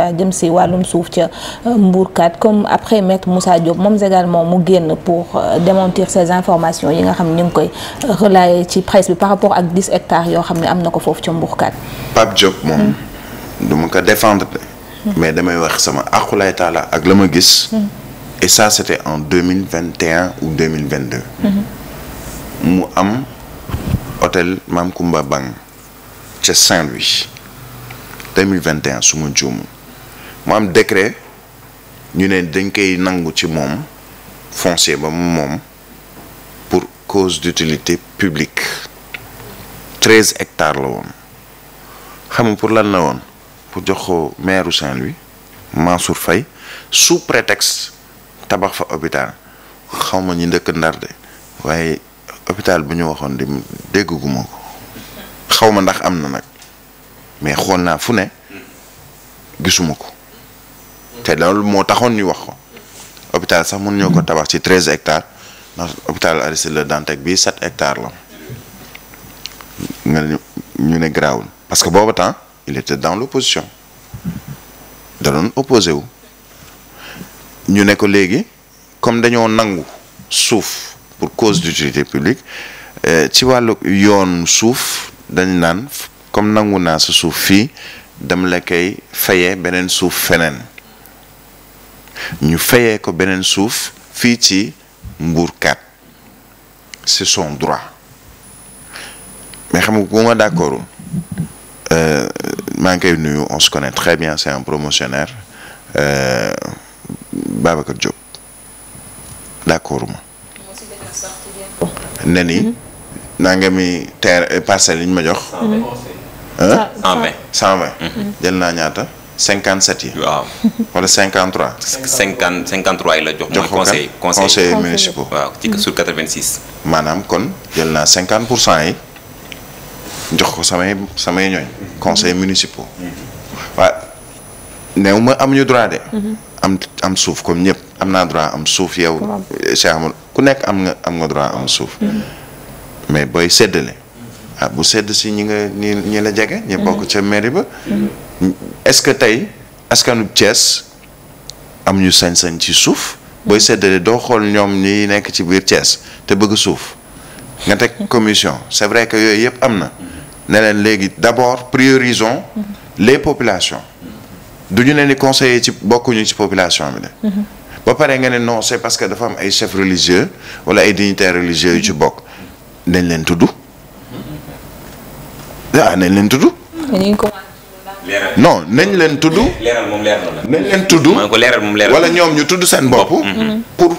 Euh, jëm si wàllum suuf ca euh, Mbourkat comme après maître Moussa Diop moom également mu génn pour euh, démentir ces informations yi nga xam yoo xam ne am na ko foofu ca Mbourkat. Pape Diop hmm. ma ko défendre. Hmm. mais damay wax sama aqulay taala ak la ma gis. Hmm. et ça c'était en 2021 ou 2022. mu am hôtel Mame Koumba Bang ca Saint-Louis su ma juumul. mu am décret ñu ne dañ koy nangu ci moom foncier ba moom pour cause d'utilité publique treize hectares la woon xam pour lan na woon pour jox ko maire Saint-Louis Mansour fay sous prétexte tabax fa hôpital xaw ma ñi ndëkk Ndar de waaye hôpital bi ñu waxoon di dégguma ko xaw ma ndax am na nag mais xool naa fu ne gisuma ko te loolu moo taxoon ñu wax ko. hôpital sax mun ñoo ko tabax ci treize hectares ndax hôpital Aristide Le Dantec bii sept hectares la nga ñu ne garaawul parce que booba temps il était dans l'opposition da doon opposé wu ñu ne ko léegi comme dañoo nangu suuf pour cause d'utilité publique eh, ci wàllu yoon suuf dañ naan comme nangu naa sa suuf fii dama la koy fayee beneen suuf feneen ñu fayee ko beneen suuf fii ci mbuurkat c'est son droit mais xam nga bu ma d'accord euh, maa ngi koy nuyu on se connaît très bien c'est un promotionnaire euh, Babacar Diop d'accord ma ne ni naa nga mi tere parcelle yi ñu ma jox. 120 120. Mhm. jël naa ñaata. 57 yi. waaw wala 53. 50 53 yi la jox. jox ko conseil conseil municipal waaw ci mm-hmm. sur 86. maanaam kon jël naa cinquante pour cent yi jox ko samay samay ñooñ. Mm-hmm. conseil municipal. Mm-hmm. waaw néew ma am ñu droit de. am suuf comme ñëpp am naa droit am suuf yow. Cheikh Amadou ku nekk am nga am nga droit am suuf. mais booy séddale. ah bu sedd si ñi nga ñi la jege. ñi bokk ca mairie ba. est-ce que tey askanu cees am ñu sañ-sañ ci suuf booy mm. séddale doo xool ñoom ñi nekk ci biir cees te bëgg suuf nga teg commission c'est vrai que yooyu yëpp am na ne leen léegi d'abord priorison mm-hmm. les populations du ñu leen di conseiller ci bokkuñu ci population bi de mm-hmm. ba pare nga ne non c'est parce que dafa am ay chefs religieux wala ay dignitaires religieux yu ci bokk nañ leen tudd waaw mm-hmm. ah, nañ leen tudd non nañ leen tudd. nañ leen tudd. ko leeral moom leeral wala ñoom ñu tudd seen bopp. Mm-hmm. Mm-hmm. pour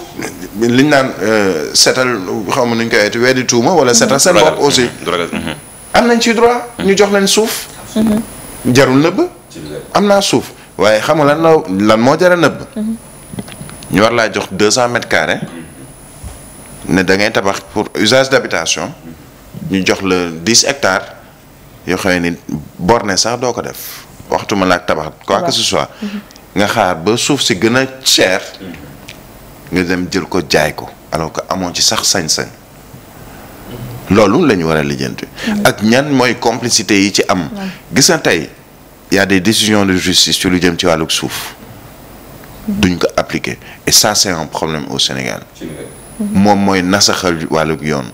liñ naan euh, seetal xaw ma nuñ koy weeti weddi tuuma wala seetal seen bopp aussi. Mm-hmm. am nañ ci droit. ñu jox leen suuf. jarul nëbb. am naa suuf waaye xam nga lan la lan moo jar a nëbb. ñu war laa jox deux cent mètres carrés ne da ngay tabax pour usage d'habitation ñu jox la dix hectares. yoo xam ne ni borne sax doo ko def waxtuma laak tabax quoi que ce soit mhm. nga xaar ba suuf si gën a cher mhm. nga dem jël ko jaay ko alors que amoon ci sax sañ-sañ loolu lañu ñu war a lijjanti mhm. ak ñan mooy complicité yi ci am gis tey y a des décisions de justice ci lu jëm ci wàllug suuf duñ ko appliquer et ça c'est un problème au Sénégal moom mooy nasaxal wàllug yoon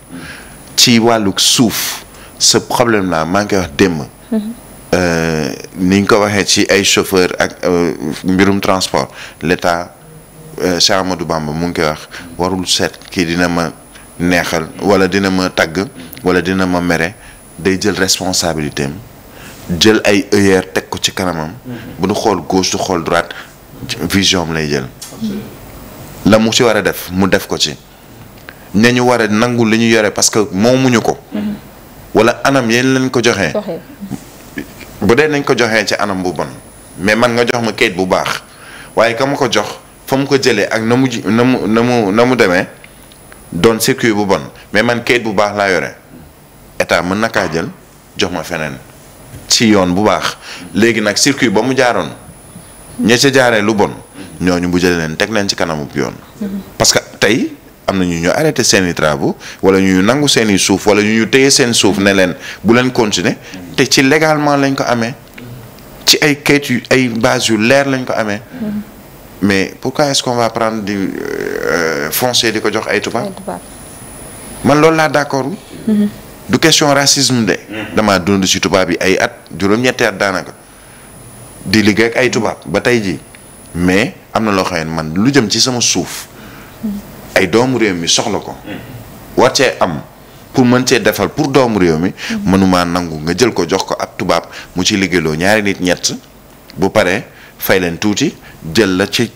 ci wàllug suuf ce problème là maa ngi koy wax démb. Mm-hmm. Euh, ni ñu ko waxee ci ay chauffeur ak euh, mbirum transport l'état euh, Cheikh du Bamba mu ngi koy wax warul seet kii dina ma neexal wala dina ma tagg wala dina ma mere day jël responsabilité jël ay œillères teg ko ci kanamam. Mm-hmm. bu du xool gauche du xool droite vision am lay jël. la mu ci war a def mu def ko ci. nañu war a nangu li ñu yore parce que moomuñu ko. Mm-hmm. wala anam yéen lañ ko joxe bu dee nañ ko joxe ci anam bu bon mais man nga jox ma kayit bu baax waaye ka ma ko jox fa mu ko jëlee ak na mu na mu na mu na mu demee doon circuit bu bon mais man kayit bu baax laa yore état mën naka kaa jël jox ma feneen ci yoon bu baax léegi nag circuit ba mu jaaroon ña ca jaaree lu bon ñooñu bu jële leen teg leen ci kanamu yoon mm-hmm. parce tey am na ñu ñu arrêté seen i travaux wala ñu nangu seeni suuf wala ñu ñu téye seen suuf ne leen bu leen continuer te ci légalement lañ ko amee ci ay kayit yu ay base yu leer lañ ko amee mais pourquoi est-ce qu'on va prendre di euh, foncier di ko jox ay tubaab man loolu laa d'accord mm-hmm. du question racisme de dama dund ci tubaab yi ay at juróom-ñetti at daanaka di liggéey ak ay tubaab ba tey jii mais am na loo xam man lu jëm ci sama suuf ay doomu réew mi soxla ko war cee am pour mën cee defal pour doomu réew mi mënumaa nangu nga jël ko jox ko ab tubaab mu ci liggéeyloo ñaari nit ñett bu paree fay leen tuuti jël la ci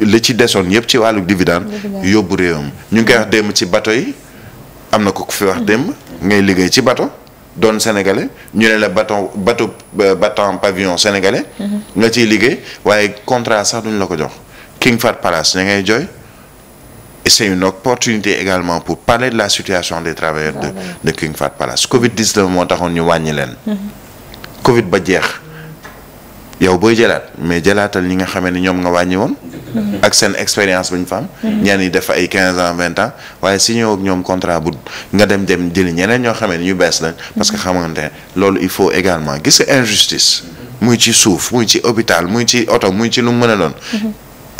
li ci desoon yëpp ci wàllu dividende yóbbu réewam ñu ngi koy wax démb ci bato yi am na ko ku fi wax démb ngay liggéey ci bato doon sénégalais ñu ne la bato bato euh, battant pavillon sénégalais mhm. nga ciy liggéey waaye contrat sax duñ la ko jox King Fahd Palace ña ngay joy c'est une opportunité également pour parler de la situation des travailleurs de de King Fahd Palace Covid-19 moo taxoon ñu wàññi leen. Covid ba jeex yow booy jëlaat mais jëlaatal ñi nga xamee ni ñoom nga wàññi woon. ak seen expérience bu ñu fa am. ñenn def ay quinze ans vingt ans waaye si ñëw ak ñoom contrat bu nga dem dem jëli ñeneen ñoo xamee ni ñu bees lañ. parce que xamante loolu il faut également gis nga injustice. muy ci suuf muy ci hôpital muy ci oto muy ci lu mu mën a doon.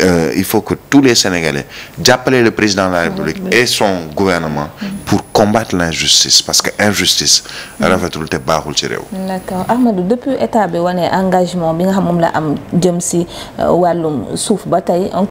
euh, il faut que tous les Sénégalais jàppale le président de la République ah, et son gouvernement mm. pour combattre l'injustice parce que injustice mm. rafetul te baaxul ci réew d'accord Ahmadou depuis état bi wane engagement bi nga xam la am jëm si euh, wàllum suuf ba